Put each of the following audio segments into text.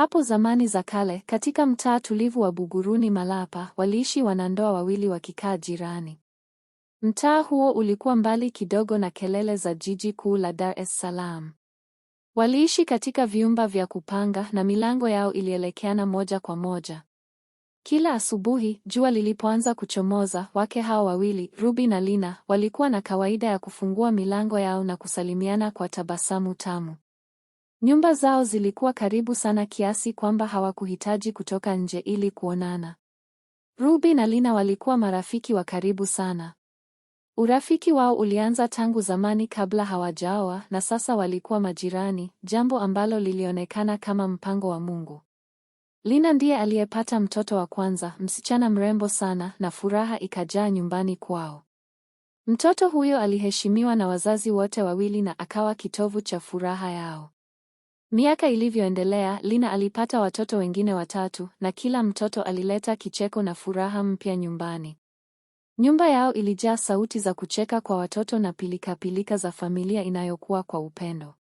Hapo zamani za kale, katika mtaa tulivu wa Buguruni Malapa, waliishi wanandoa wawili wakikaa jirani. Mtaa huo ulikuwa mbali kidogo na kelele za jiji kuu la Dar es Salaam. Waliishi katika vyumba vya kupanga na milango yao ilielekeana moja kwa moja. Kila asubuhi, jua lilipoanza kuchomoza, wake hao wawili, Ruby na Lina, walikuwa na kawaida ya kufungua milango yao na kusalimiana kwa tabasamu tamu. Nyumba zao zilikuwa karibu sana kiasi kwamba hawakuhitaji kutoka nje ili kuonana. Ruby na Lina walikuwa marafiki wa karibu sana. Urafiki wao ulianza tangu zamani kabla hawajaoa na sasa walikuwa majirani, jambo ambalo lilionekana kama mpango wa Mungu. Lina ndiye aliyepata mtoto wa kwanza, msichana mrembo sana, na furaha ikajaa nyumbani kwao. Mtoto huyo aliheshimiwa na wazazi wote wawili na akawa kitovu cha furaha yao. Miaka ilivyoendelea, Lina alipata watoto wengine watatu na kila mtoto alileta kicheko na furaha mpya nyumbani. Nyumba yao ilijaa sauti za kucheka kwa watoto na pilikapilika za familia inayokuwa kwa upendo.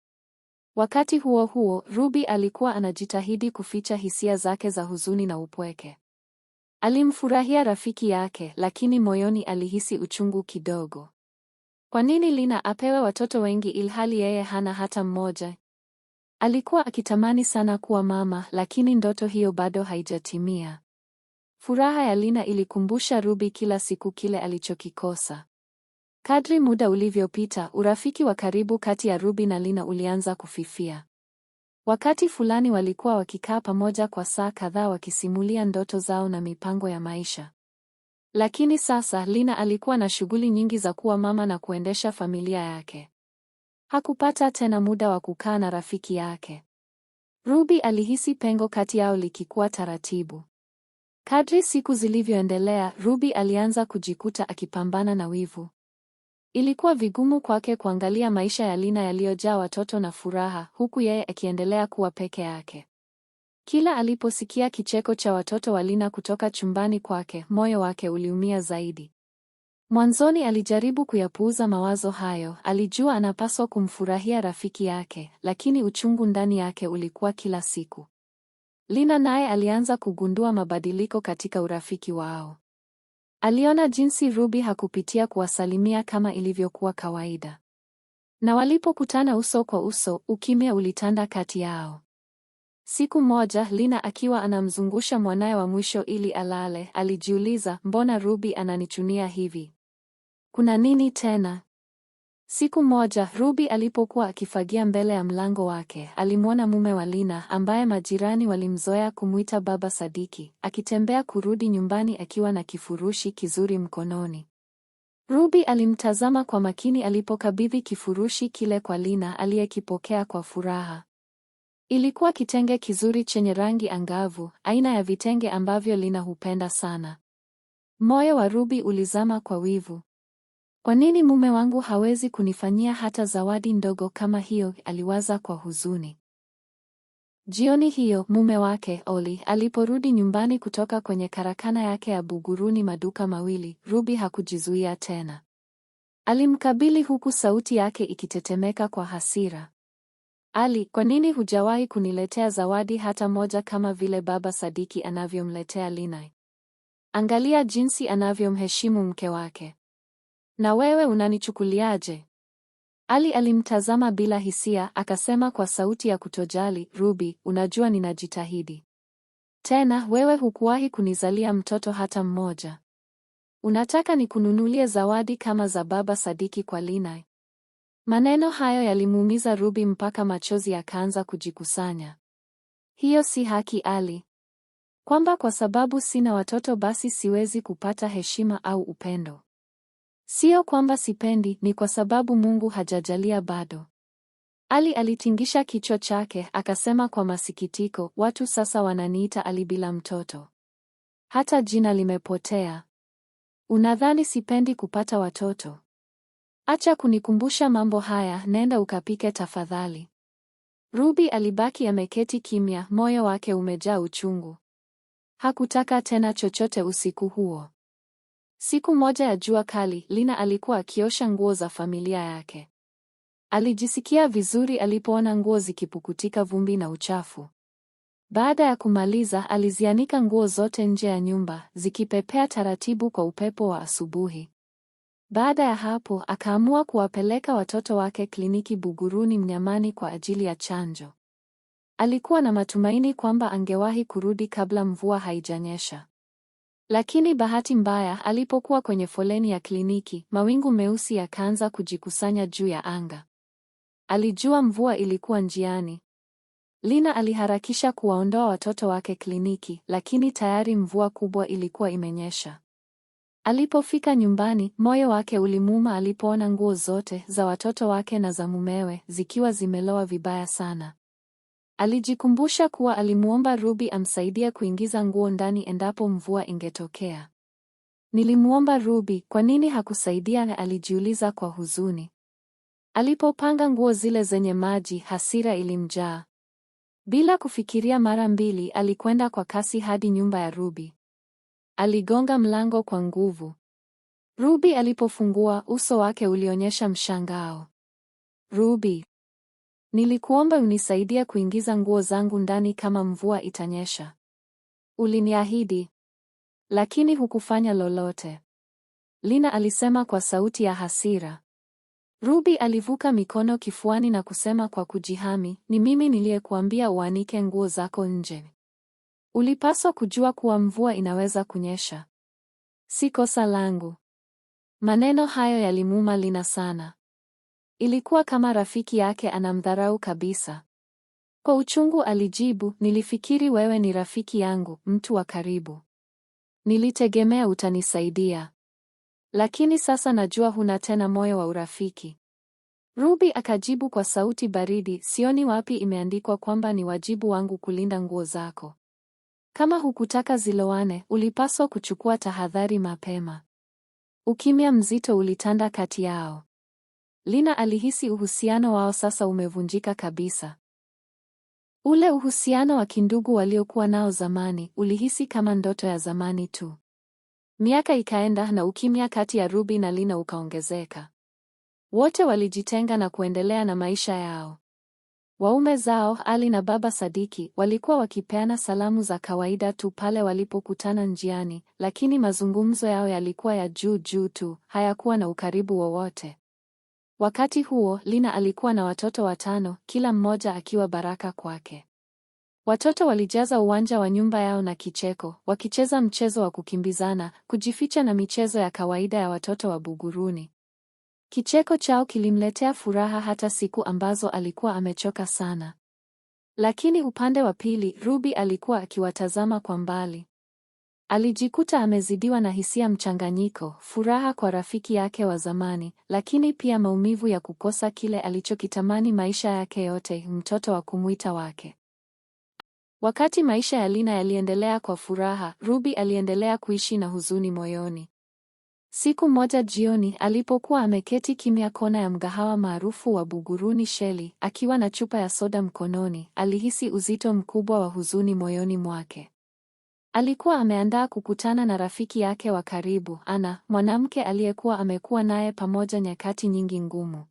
Wakati huo huo, Ruby alikuwa anajitahidi kuficha hisia zake za huzuni na upweke. Alimfurahia rafiki yake, lakini moyoni alihisi uchungu kidogo. Kwa nini Lina apewe watoto wengi ilhali yeye hana hata mmoja? Alikuwa akitamani sana kuwa mama, lakini ndoto hiyo bado haijatimia. Furaha ya Lina ilikumbusha Ruby kila siku kile alichokikosa. Kadri muda ulivyopita, urafiki wa karibu kati ya Ruby na Lina ulianza kufifia. Wakati fulani walikuwa wakikaa pamoja kwa saa kadhaa wakisimulia ndoto zao na mipango ya maisha. Lakini sasa Lina alikuwa na shughuli nyingi za kuwa mama na kuendesha familia yake. Hakupata tena muda wa kukaa na rafiki yake. Ruby alihisi pengo kati yao likikuwa taratibu. Kadri siku zilivyoendelea, Ruby alianza kujikuta akipambana na wivu. Ilikuwa vigumu kwake kuangalia maisha ya Lina yaliyojaa watoto na furaha, huku yeye akiendelea kuwa peke yake. Kila aliposikia kicheko cha watoto wa Lina kutoka chumbani kwake, moyo wake uliumia zaidi. Mwanzoni alijaribu kuyapuuza mawazo hayo, alijua anapaswa kumfurahia rafiki yake, lakini uchungu ndani yake ulikuwa kila siku. Lina naye alianza kugundua mabadiliko katika urafiki wao. Aliona jinsi Ruby hakupitia kuwasalimia kama ilivyokuwa kawaida. Na walipokutana uso kwa uso, ukimya ulitanda kati yao. Siku moja Lina akiwa anamzungusha mwanaye wa mwisho ili alale, alijiuliza, mbona Ruby ananichunia hivi? Kuna nini tena? Siku moja Ruby alipokuwa akifagia mbele ya mlango wake, alimwona mume wa Lina ambaye majirani walimzoea kumwita Baba Sadiki, akitembea kurudi nyumbani akiwa na kifurushi kizuri mkononi. Ruby alimtazama kwa makini alipokabidhi kifurushi kile kwa Lina aliyekipokea kwa furaha. Ilikuwa kitenge kizuri chenye rangi angavu, aina ya vitenge ambavyo Lina hupenda sana. Moyo wa Ruby ulizama kwa wivu. Kwa nini mume wangu hawezi kunifanyia hata zawadi ndogo kama hiyo? Aliwaza kwa huzuni. Jioni hiyo mume wake Oli aliporudi nyumbani kutoka kwenye karakana yake ya Buguruni maduka mawili, ruby hakujizuia tena. Alimkabili huku sauti yake ikitetemeka kwa hasira. Ali, kwa nini hujawahi kuniletea zawadi hata moja kama vile baba Sadiki anavyomletea Lina? Angalia jinsi anavyomheshimu mke wake. Na wewe unanichukuliaje? Ali alimtazama bila hisia, akasema kwa sauti ya kutojali, Ruby, unajua ninajitahidi. Tena wewe hukuwahi kunizalia mtoto hata mmoja. Unataka nikununulie zawadi kama za baba Sadiki kwa Lina? Maneno hayo yalimuumiza Ruby mpaka machozi yakaanza kujikusanya. Hiyo si haki Ali. Kwamba kwa sababu sina watoto basi siwezi kupata heshima au upendo. Sio kwamba sipendi, ni kwa sababu Mungu hajajalia bado. Ali alitingisha kichwa chake akasema kwa masikitiko, watu sasa wananiita Ali bila mtoto, hata jina limepotea. Unadhani sipendi kupata watoto? Acha kunikumbusha mambo haya, nenda ukapike tafadhali. Ruby alibaki ameketi kimya, moyo wake umejaa uchungu. Hakutaka tena chochote usiku huo. Siku moja ya jua kali, Lina alikuwa akiosha nguo za familia yake. Alijisikia vizuri alipoona nguo zikipukutika vumbi na uchafu. Baada ya kumaliza, alizianika nguo zote nje ya nyumba, zikipepea taratibu kwa upepo wa asubuhi. Baada ya hapo, akaamua kuwapeleka watoto wake kliniki Buguruni Mnyamani kwa ajili ya chanjo. Alikuwa na matumaini kwamba angewahi kurudi kabla mvua haijanyesha. Lakini bahati mbaya, alipokuwa kwenye foleni ya kliniki, mawingu meusi yakaanza kujikusanya juu ya anga. Alijua mvua ilikuwa njiani. Lina aliharakisha kuwaondoa watoto wake kliniki, lakini tayari mvua kubwa ilikuwa imenyesha. Alipofika nyumbani, moyo wake ulimuma alipoona nguo zote za watoto wake na za mumewe zikiwa zimelowa vibaya sana. Alijikumbusha kuwa alimwomba Ruby amsaidia kuingiza nguo ndani endapo mvua ingetokea. Nilimwomba Ruby, kwa nini hakusaidia? Na alijiuliza kwa huzuni. Alipopanga nguo zile zenye maji, hasira ilimjaa. Bila kufikiria mara mbili, alikwenda kwa kasi hadi nyumba ya Ruby. Aligonga mlango kwa nguvu. Ruby alipofungua, uso wake ulionyesha mshangao. Ruby, Nilikuomba unisaidia kuingiza nguo zangu ndani kama mvua itanyesha. Uliniahidi, lakini hukufanya lolote, Lina alisema kwa sauti ya hasira. Ruby alivuka mikono kifuani na kusema kwa kujihami, ni mimi niliyekuambia uanike nguo zako nje. Ulipaswa kujua kuwa mvua inaweza kunyesha. Si kosa langu. Maneno hayo yalimuuma Lina sana. Ilikuwa kama rafiki yake anamdharau kabisa. Kwa uchungu alijibu, nilifikiri wewe ni rafiki yangu, mtu wa karibu. Nilitegemea utanisaidia. Lakini sasa najua huna tena moyo wa urafiki. Ruby akajibu kwa sauti baridi, sioni wapi imeandikwa kwamba ni wajibu wangu kulinda nguo zako. Kama hukutaka ziloane ulipaswa kuchukua tahadhari mapema. Ukimya mzito ulitanda kati yao. Lina alihisi uhusiano wao sasa umevunjika kabisa. Ule uhusiano wa kindugu waliokuwa nao zamani ulihisi kama ndoto ya zamani tu. Miaka ikaenda na ukimya kati ya Ruby na Lina ukaongezeka. Wote walijitenga na kuendelea na maisha yao. Waume zao Ali na Baba Sadiki walikuwa wakipeana salamu za kawaida tu pale walipokutana njiani, lakini mazungumzo yao yalikuwa ya juu juu tu, hayakuwa na ukaribu wowote. Wakati huo Lina alikuwa na watoto watano, kila mmoja akiwa baraka kwake. Watoto walijaza uwanja wa nyumba yao na kicheko, wakicheza mchezo wa kukimbizana, kujificha na michezo ya kawaida ya watoto wa Buguruni. Kicheko chao kilimletea furaha hata siku ambazo alikuwa amechoka sana. Lakini upande wa pili, Ruby alikuwa akiwatazama kwa mbali. Alijikuta amezidiwa na hisia mchanganyiko, furaha kwa rafiki yake wa zamani, lakini pia maumivu ya kukosa kile alichokitamani maisha yake yote, mtoto wa kumwita wake. Wakati maisha ya Lina yaliendelea kwa furaha, Ruby aliendelea kuishi na huzuni moyoni. Siku moja jioni, alipokuwa ameketi kimya kona ya mgahawa maarufu wa Buguruni Sheli, akiwa na chupa ya soda mkononi, alihisi uzito mkubwa wa huzuni moyoni mwake. Alikuwa ameandaa kukutana na rafiki yake wa karibu Ana, mwanamke aliyekuwa amekuwa naye pamoja nyakati nyingi ngumu.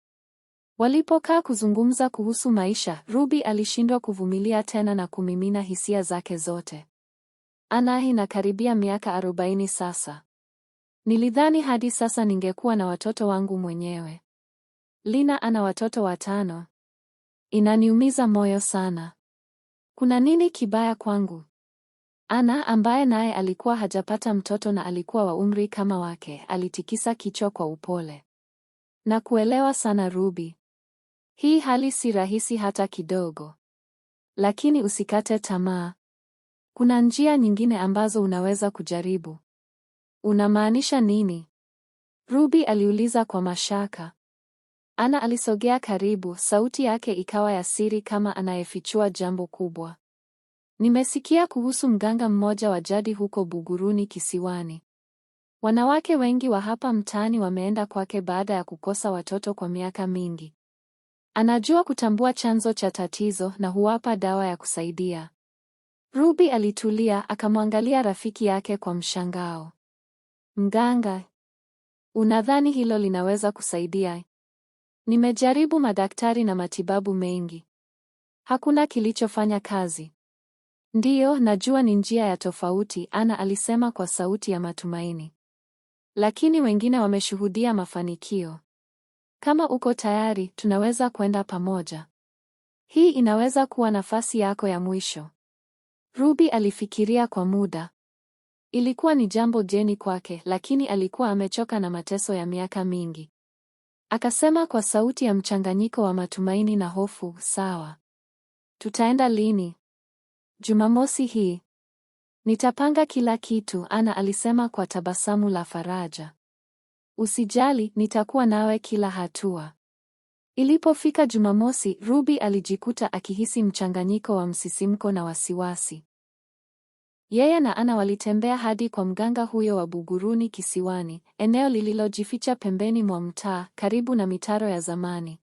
Walipokaa kuzungumza kuhusu maisha, Ruby alishindwa kuvumilia tena na kumimina hisia zake zote. Ana inakaribia miaka 40 sasa. Nilidhani hadi sasa ningekuwa na watoto wangu mwenyewe. Lina ana watoto watano. Inaniumiza moyo sana. Kuna nini kibaya kwangu? Ana ambaye naye alikuwa hajapata mtoto na alikuwa wa umri kama wake, alitikisa kichwa kwa upole. Na kuelewa sana Ruby. Hii hali si rahisi hata kidogo. Lakini usikate tamaa. Kuna njia nyingine ambazo unaweza kujaribu. Unamaanisha nini? Ruby aliuliza kwa mashaka. Ana alisogea karibu, sauti yake ikawa ya siri kama anayefichua jambo kubwa. Nimesikia kuhusu mganga mmoja wa jadi huko Buguruni Kisiwani. Wanawake wengi wa hapa mtaani wameenda kwake baada ya kukosa watoto kwa miaka mingi. Anajua kutambua chanzo cha tatizo na huwapa dawa ya kusaidia. Ruby alitulia akamwangalia rafiki yake kwa mshangao. Mganga, unadhani hilo linaweza kusaidia? Nimejaribu madaktari na matibabu mengi. Hakuna kilichofanya kazi. Ndiyo, najua ni njia ya tofauti, Ana alisema kwa sauti ya matumaini. Lakini wengine wameshuhudia mafanikio. Kama uko tayari, tunaweza kwenda pamoja. Hii inaweza kuwa nafasi yako ya mwisho. Ruby alifikiria kwa muda. Ilikuwa ni jambo jeni kwake, lakini alikuwa amechoka na mateso ya miaka mingi. Akasema kwa sauti ya mchanganyiko wa matumaini na hofu, sawa. Tutaenda lini? Jumamosi hii nitapanga kila kitu, Ana alisema kwa tabasamu la faraja. Usijali, nitakuwa nawe kila hatua. Ilipofika Jumamosi, Ruby alijikuta akihisi mchanganyiko wa msisimko na wasiwasi. Yeye na Ana walitembea hadi kwa mganga huyo wa Buguruni Kisiwani, eneo lililojificha pembeni mwa mtaa, karibu na mitaro ya zamani.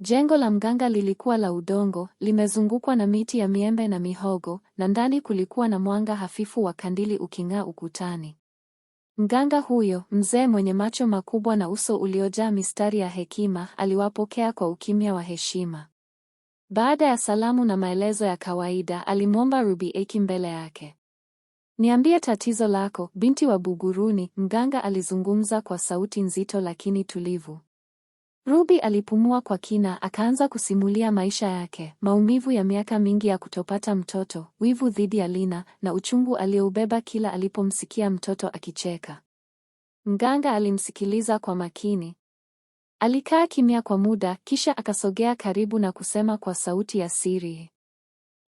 Jengo la mganga lilikuwa la udongo, limezungukwa na miti ya miembe na mihogo, na ndani kulikuwa na mwanga hafifu wa kandili uking'aa ukutani. Mganga huyo, mzee mwenye macho makubwa na uso uliojaa mistari ya hekima, aliwapokea kwa ukimya wa heshima. Baada ya salamu na maelezo ya kawaida, alimwomba Eki mbele yake. Niambie tatizo lako, binti wa Buguruni, mganga alizungumza kwa sauti nzito lakini tulivu. Ruby alipumua kwa kina, akaanza kusimulia maisha yake, maumivu ya miaka mingi ya kutopata mtoto, wivu dhidi ya Lina na uchungu alioubeba kila alipomsikia mtoto akicheka. Mganga alimsikiliza kwa makini. Alikaa kimya kwa muda, kisha akasogea karibu na kusema kwa sauti ya siri,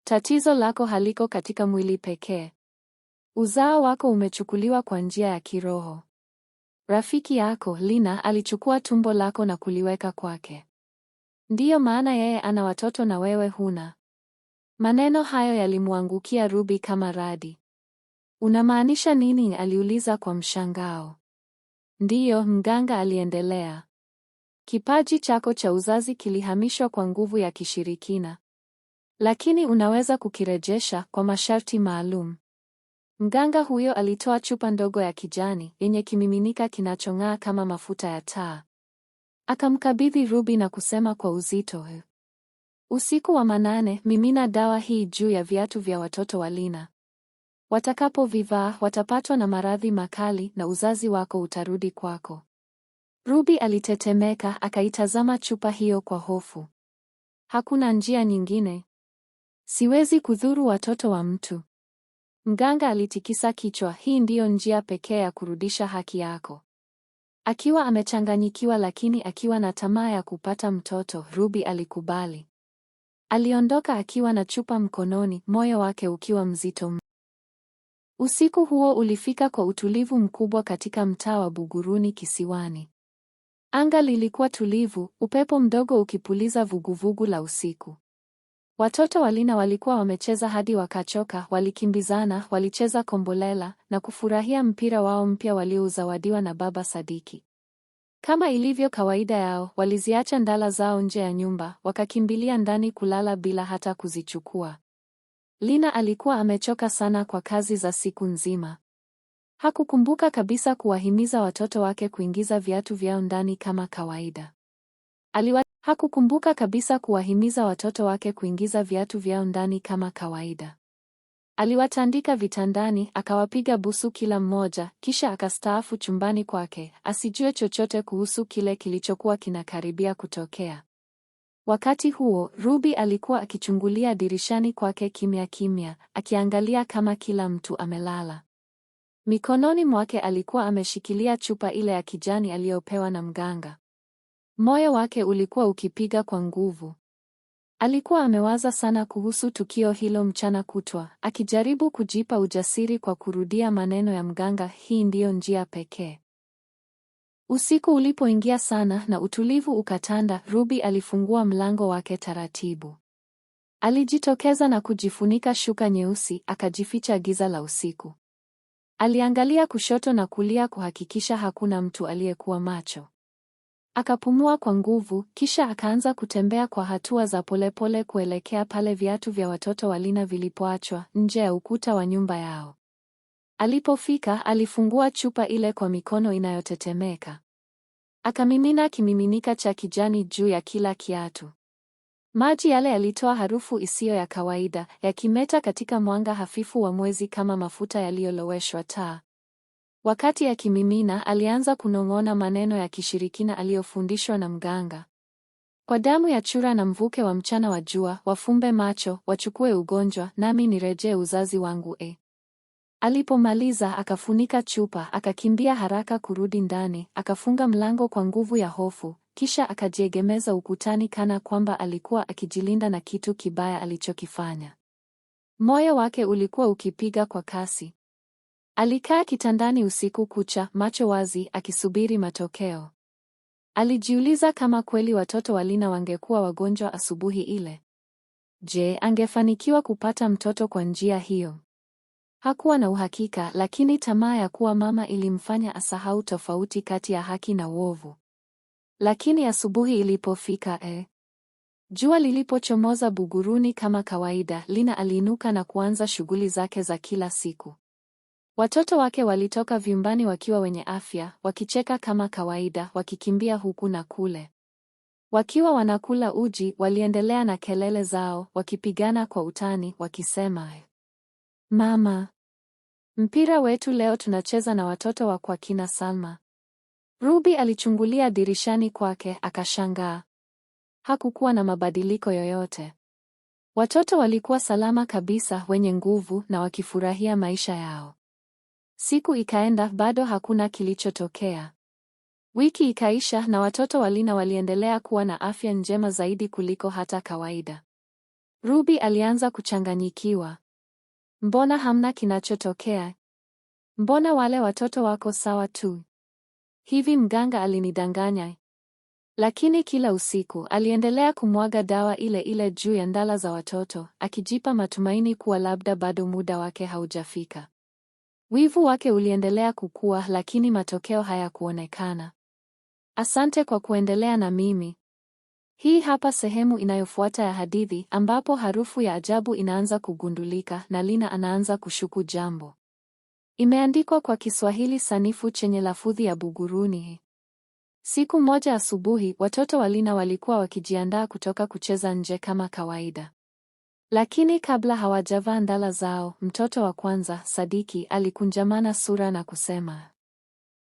tatizo lako haliko katika mwili pekee. Uzao wako umechukuliwa kwa njia ya kiroho. Rafiki yako Lina alichukua tumbo lako na kuliweka kwake. Ndiyo maana yeye ana watoto na wewe huna. Maneno hayo yalimwangukia Ruby kama radi. Unamaanisha nini? aliuliza kwa mshangao. Ndiyo, mganga aliendelea. Kipaji chako cha uzazi kilihamishwa kwa nguvu ya kishirikina. Lakini unaweza kukirejesha kwa masharti maalum. Mganga huyo alitoa chupa ndogo ya kijani yenye kimiminika kinachong'aa kama mafuta ya taa. Akamkabidhi Ruby na kusema kwa uzito, eh, usiku wa manane, mimina dawa hii juu ya viatu vya watoto wa Lina. Watakapovivaa watapatwa na maradhi makali na uzazi wako utarudi kwako. Ruby alitetemeka, akaitazama chupa hiyo kwa hofu. Hakuna njia nyingine, siwezi kudhuru watoto wa mtu. Mganga alitikisa kichwa. Hii ndiyo njia pekee ya kurudisha haki yako. Akiwa amechanganyikiwa lakini akiwa na tamaa ya kupata mtoto, Ruby alikubali. Aliondoka akiwa na chupa mkononi, moyo wake ukiwa mzito. Usiku huo ulifika kwa utulivu mkubwa katika mtaa wa Buguruni kisiwani. Anga lilikuwa tulivu, upepo mdogo ukipuliza vuguvugu la usiku. Watoto wa Lina walikuwa wamecheza hadi wakachoka, walikimbizana, walicheza kombolela na kufurahia mpira wao mpya waliouzawadiwa na Baba Sadiki. Kama ilivyo kawaida yao, waliziacha ndala zao nje ya nyumba, wakakimbilia ndani kulala bila hata kuzichukua. Lina alikuwa amechoka sana kwa kazi za siku nzima. Hakukumbuka kabisa kuwahimiza watoto wake kuingiza viatu vyao ndani kama kawaida. Aliwa Hakukumbuka kabisa kuwahimiza watoto wake kuingiza viatu vyao ndani kama kawaida. Aliwatandika vitandani, akawapiga busu kila mmoja, kisha akastaafu chumbani kwake, asijue chochote kuhusu kile kilichokuwa kinakaribia kutokea. Wakati huo, Ruby alikuwa akichungulia dirishani kwake kimya kimya, akiangalia kama kila mtu amelala. Mikononi mwake alikuwa ameshikilia chupa ile ya kijani aliyopewa na mganga. Moyo wake ulikuwa ukipiga kwa nguvu. Alikuwa amewaza sana kuhusu tukio hilo mchana kutwa, akijaribu kujipa ujasiri kwa kurudia maneno ya mganga, hii ndiyo njia pekee. Usiku ulipoingia sana na utulivu ukatanda, Ruby alifungua mlango wake taratibu. Alijitokeza na kujifunika shuka nyeusi, akajificha giza la usiku. Aliangalia kushoto na kulia kuhakikisha hakuna mtu aliyekuwa macho. Akapumua kwa nguvu, kisha akaanza kutembea kwa hatua za polepole kuelekea pale viatu vya watoto wa Lina vilipoachwa nje ya ukuta wa nyumba yao. Alipofika, alifungua chupa ile kwa mikono inayotetemeka. Akamimina kimiminika cha kijani juu ya kila kiatu. Maji yale yalitoa harufu isiyo ya kawaida, yakimeta katika mwanga hafifu wa mwezi kama mafuta yaliyoloweshwa taa. Wakati akimimina, alianza kunong'ona maneno ya kishirikina aliyofundishwa na mganga. Kwa damu ya chura na mvuke wa mchana wa jua, wafumbe macho, wachukue ugonjwa, nami nirejee uzazi wangu e. Alipomaliza akafunika chupa, akakimbia haraka kurudi ndani, akafunga mlango kwa nguvu ya hofu, kisha akajiegemeza ukutani kana kwamba alikuwa akijilinda na kitu kibaya alichokifanya. Moyo wake ulikuwa ukipiga kwa kasi. Alikaa kitandani usiku kucha, macho wazi, akisubiri matokeo. Alijiuliza kama kweli watoto wa Lina wangekuwa wagonjwa asubuhi ile. Je, angefanikiwa kupata mtoto kwa njia hiyo? Hakuwa na uhakika, lakini tamaa ya kuwa mama ilimfanya asahau tofauti kati ya haki na uovu. Lakini asubuhi ilipofika, eh, jua lilipochomoza Buguruni kama kawaida, Lina aliinuka na kuanza shughuli zake za kila siku. Watoto wake walitoka vyumbani wakiwa wenye afya, wakicheka kama kawaida, wakikimbia huku na kule. Wakiwa wanakula uji, waliendelea na kelele zao, wakipigana kwa utani, wakisema, Mama, mpira wetu leo tunacheza na watoto wa kwa kina Salma. Ruby alichungulia dirishani kwake, akashangaa. Hakukuwa na mabadiliko yoyote. Watoto walikuwa salama kabisa, wenye nguvu na wakifurahia maisha yao. Siku ikaenda, bado hakuna kilichotokea. Wiki ikaisha na watoto wa Lina waliendelea kuwa na afya njema zaidi kuliko hata kawaida. Ruby alianza kuchanganyikiwa. Mbona hamna kinachotokea? Mbona wale watoto wako sawa tu? Hivi mganga alinidanganya? Lakini kila usiku aliendelea kumwaga dawa ile ile juu ya ndala za watoto, akijipa matumaini kuwa labda bado muda wake haujafika. Wivu wake uliendelea kukua lakini matokeo hayakuonekana. Asante kwa kuendelea na mimi. Hii hapa sehemu inayofuata ya hadithi ambapo harufu ya ajabu inaanza kugundulika na Lina anaanza kushuku jambo. Imeandikwa kwa Kiswahili sanifu chenye lafudhi ya Buguruni. Siku moja asubuhi, watoto wa Lina walikuwa wakijiandaa kutoka kucheza nje kama kawaida. Lakini kabla hawajavaa ndala zao, mtoto wa kwanza, Sadiki, alikunjamana sura na kusema,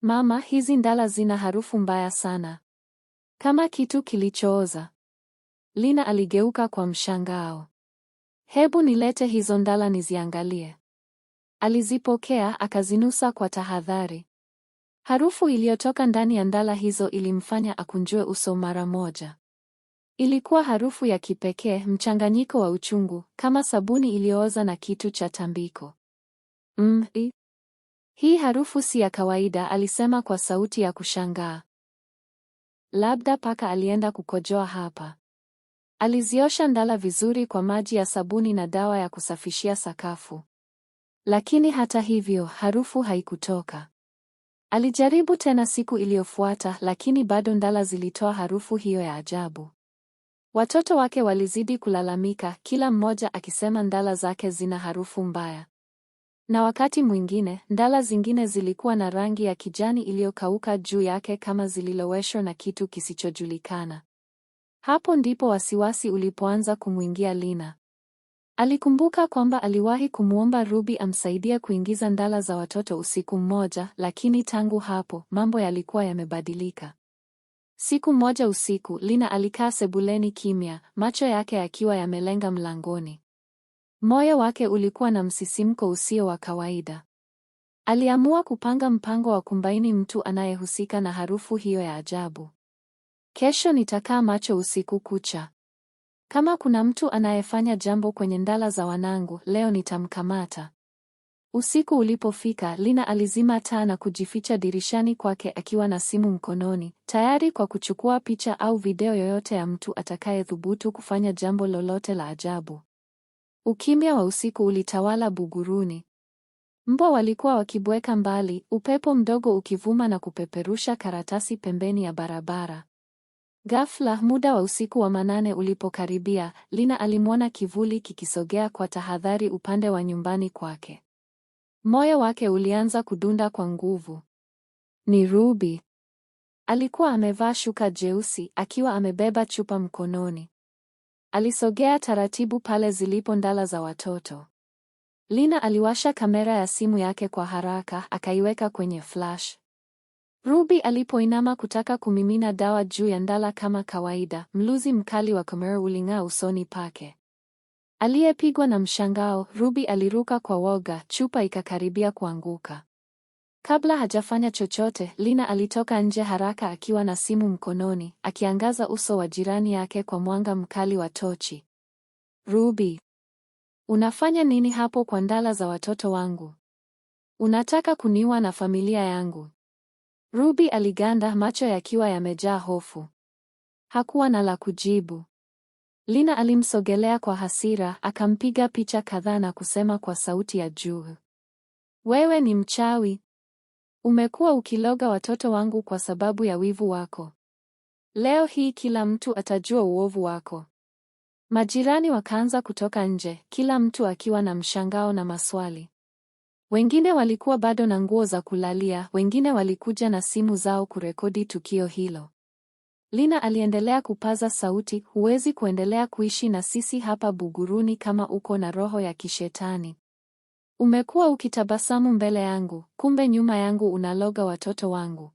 Mama, hizi ndala zina harufu mbaya sana, kama kitu kilichooza. Lina aligeuka kwa mshangao. Hebu nilete hizo ndala niziangalie. Alizipokea akazinusa kwa tahadhari. Harufu iliyotoka ndani ya ndala hizo ilimfanya akunjue uso mara moja. Ilikuwa harufu ya kipekee, mchanganyiko wa uchungu, kama sabuni iliyooza na kitu cha tambiko. Mm, hii harufu si ya kawaida, alisema kwa sauti ya kushangaa. Labda paka alienda kukojoa hapa. Aliziosha ndala vizuri kwa maji ya sabuni na dawa ya kusafishia sakafu. Lakini hata hivyo, harufu haikutoka. Alijaribu tena siku iliyofuata, lakini bado ndala zilitoa harufu hiyo ya ajabu. Watoto wake walizidi kulalamika, kila mmoja akisema ndala zake zina harufu mbaya. Na wakati mwingine, ndala zingine zilikuwa na rangi ya kijani iliyokauka juu yake kama zililoweshwa na kitu kisichojulikana. Hapo ndipo wasiwasi ulipoanza kumwingia Lina. Alikumbuka kwamba aliwahi kumwomba Ruby amsaidia kuingiza ndala za watoto usiku mmoja, lakini tangu hapo mambo yalikuwa yamebadilika. Siku moja usiku, Lina alikaa sebuleni kimya, macho yake yakiwa yamelenga mlangoni. Moyo wake ulikuwa na msisimko usio wa kawaida. Aliamua kupanga mpango wa kumbaini mtu anayehusika na harufu hiyo ya ajabu. Kesho nitakaa macho usiku kucha. Kama kuna mtu anayefanya jambo kwenye ndala za wanangu, leo nitamkamata. Usiku ulipofika, Lina alizima taa na kujificha dirishani kwake akiwa na simu mkononi, tayari kwa kuchukua picha au video yoyote ya mtu atakayethubutu kufanya jambo lolote la ajabu. Ukimya wa usiku ulitawala Buguruni. Mbwa walikuwa wakibweka mbali, upepo mdogo ukivuma na kupeperusha karatasi pembeni ya barabara. Ghafla, muda wa usiku wa manane ulipokaribia, Lina alimwona kivuli kikisogea kwa tahadhari upande wa nyumbani kwake. Moyo wake ulianza kudunda kwa nguvu. Ni Ruby. Alikuwa amevaa shuka jeusi akiwa amebeba chupa mkononi. Alisogea taratibu pale zilipo ndala za watoto. Lina aliwasha kamera ya simu yake kwa haraka, akaiweka kwenye flash. Ruby alipoinama kutaka kumimina dawa juu ya ndala kama kawaida, mluzi mkali wa kamera uling'aa usoni pake. Aliyepigwa na mshangao, Ruby aliruka kwa woga, chupa ikakaribia kuanguka. Kabla hajafanya chochote, Lina alitoka nje haraka akiwa na simu mkononi, akiangaza uso wa jirani yake kwa mwanga mkali wa tochi. Ruby, unafanya nini hapo kwa ndala za watoto wangu? Unataka kuniua na familia yangu? Ruby aliganda, macho yakiwa yamejaa hofu. Hakuwa na la kujibu. Lina alimsogelea kwa hasira, akampiga picha kadhaa na kusema kwa sauti ya juu, wewe ni mchawi, umekuwa ukiloga watoto wangu kwa sababu ya wivu wako. Leo hii kila mtu atajua uovu wako. Majirani wakaanza kutoka nje, kila mtu akiwa na mshangao na maswali. Wengine walikuwa bado na nguo za kulalia, wengine walikuja na simu zao kurekodi tukio hilo. Lina aliendelea kupaza sauti, huwezi kuendelea kuishi na sisi hapa Buguruni kama uko na roho ya kishetani. Umekuwa ukitabasamu mbele yangu, kumbe nyuma yangu unaloga watoto wangu.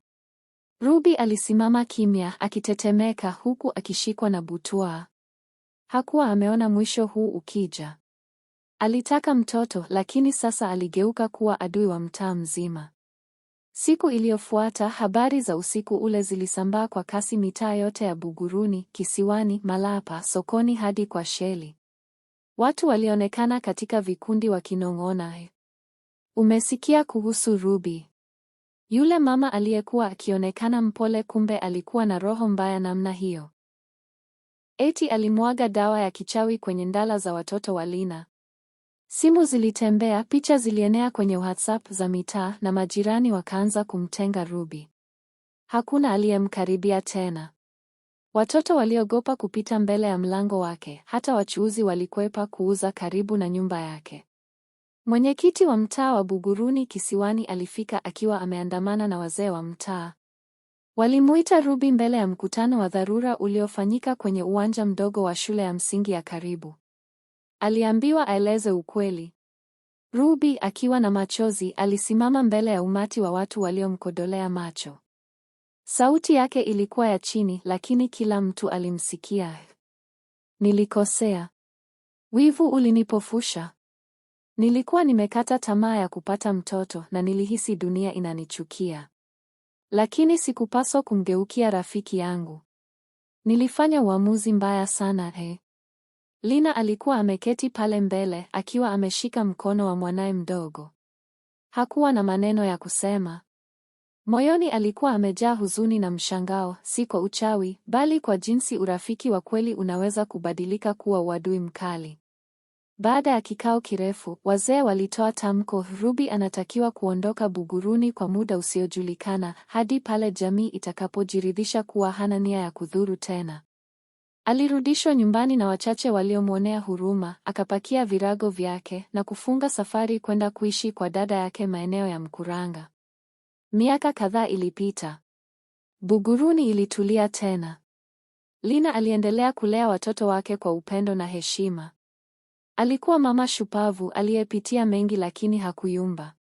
Ruby alisimama kimya akitetemeka huku akishikwa na butwa Hakuwa ameona mwisho huu ukija. Alitaka mtoto lakini sasa aligeuka kuwa adui wa mtaa mzima. Siku iliyofuata habari za usiku ule zilisambaa kwa kasi mitaa yote ya Buguruni, Kisiwani, Malapa, sokoni hadi kwa Sheli. Watu walionekana katika vikundi wakinong'ona, umesikia kuhusu Ruby? Yule mama aliyekuwa akionekana mpole, kumbe alikuwa na roho mbaya namna hiyo. Eti alimwaga dawa ya kichawi kwenye ndala za watoto wa Lina. Simu zilitembea, picha zilienea kwenye WhatsApp za mitaa na majirani wakaanza kumtenga Ruby. Hakuna aliyemkaribia tena. Watoto waliogopa kupita mbele ya mlango wake, hata wachuuzi walikwepa kuuza karibu na nyumba yake. Mwenyekiti wa mtaa wa Buguruni Kisiwani alifika akiwa ameandamana na wazee wa mtaa. Walimuita Ruby mbele ya mkutano wa dharura uliofanyika kwenye uwanja mdogo wa shule ya msingi ya karibu. Aliambiwa aeleze ukweli. Ruby akiwa na machozi alisimama mbele ya umati wa watu waliomkodolea macho. Sauti yake ilikuwa ya chini, lakini kila mtu alimsikia. Nilikosea, wivu ulinipofusha, nilikuwa nimekata tamaa ya kupata mtoto na nilihisi dunia inanichukia, lakini sikupaswa kumgeukia rafiki yangu. Nilifanya uamuzi mbaya sana eh. Lina alikuwa ameketi pale mbele akiwa ameshika mkono wa mwanaye mdogo. Hakuwa na maneno ya kusema. Moyoni alikuwa amejaa huzuni na mshangao, si kwa uchawi, bali kwa jinsi urafiki wa kweli unaweza kubadilika kuwa uadui mkali. Baada ya kikao kirefu, wazee walitoa tamko, Ruby anatakiwa kuondoka Buguruni kwa muda usiojulikana hadi pale jamii itakapojiridhisha kuwa hana nia ya kudhuru tena. Alirudishwa nyumbani na wachache waliomwonea huruma, akapakia virago vyake na kufunga safari kwenda kuishi kwa dada yake maeneo ya Mkuranga. Miaka kadhaa ilipita. Buguruni ilitulia tena. Lina aliendelea kulea watoto wake kwa upendo na heshima. Alikuwa mama shupavu aliyepitia mengi lakini hakuyumba.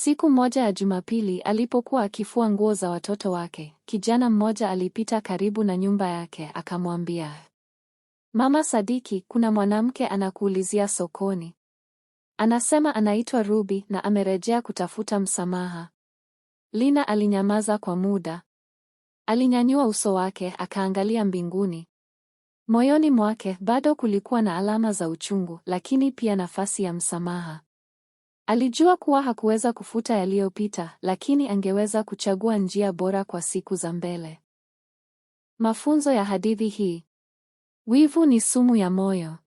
Siku moja ya Jumapili alipokuwa akifua nguo za watoto wake, kijana mmoja alipita karibu na nyumba yake akamwambia, Mama Sadiki, kuna mwanamke anakuulizia sokoni. Anasema anaitwa Ruby na amerejea kutafuta msamaha. Lina alinyamaza kwa muda. Alinyanyua uso wake akaangalia mbinguni. Moyoni mwake bado kulikuwa na alama za uchungu, lakini pia nafasi ya msamaha. Alijua kuwa hakuweza kufuta yaliyopita, lakini angeweza kuchagua njia bora kwa siku za mbele. Mafunzo ya hadithi hii: wivu ni sumu ya moyo.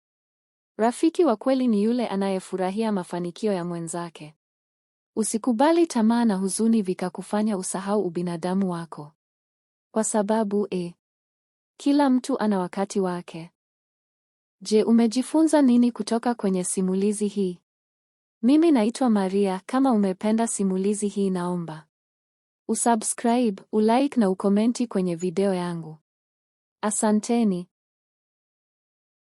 Rafiki wa kweli ni yule anayefurahia mafanikio ya mwenzake. Usikubali tamaa na huzuni vikakufanya usahau ubinadamu wako, kwa sababu e, kila mtu ana wakati wake. Je, umejifunza nini kutoka kwenye simulizi hii? Mimi naitwa Maria. Kama umependa simulizi hii, naomba usubscribe, ulike na ukomenti kwenye video yangu. Asanteni.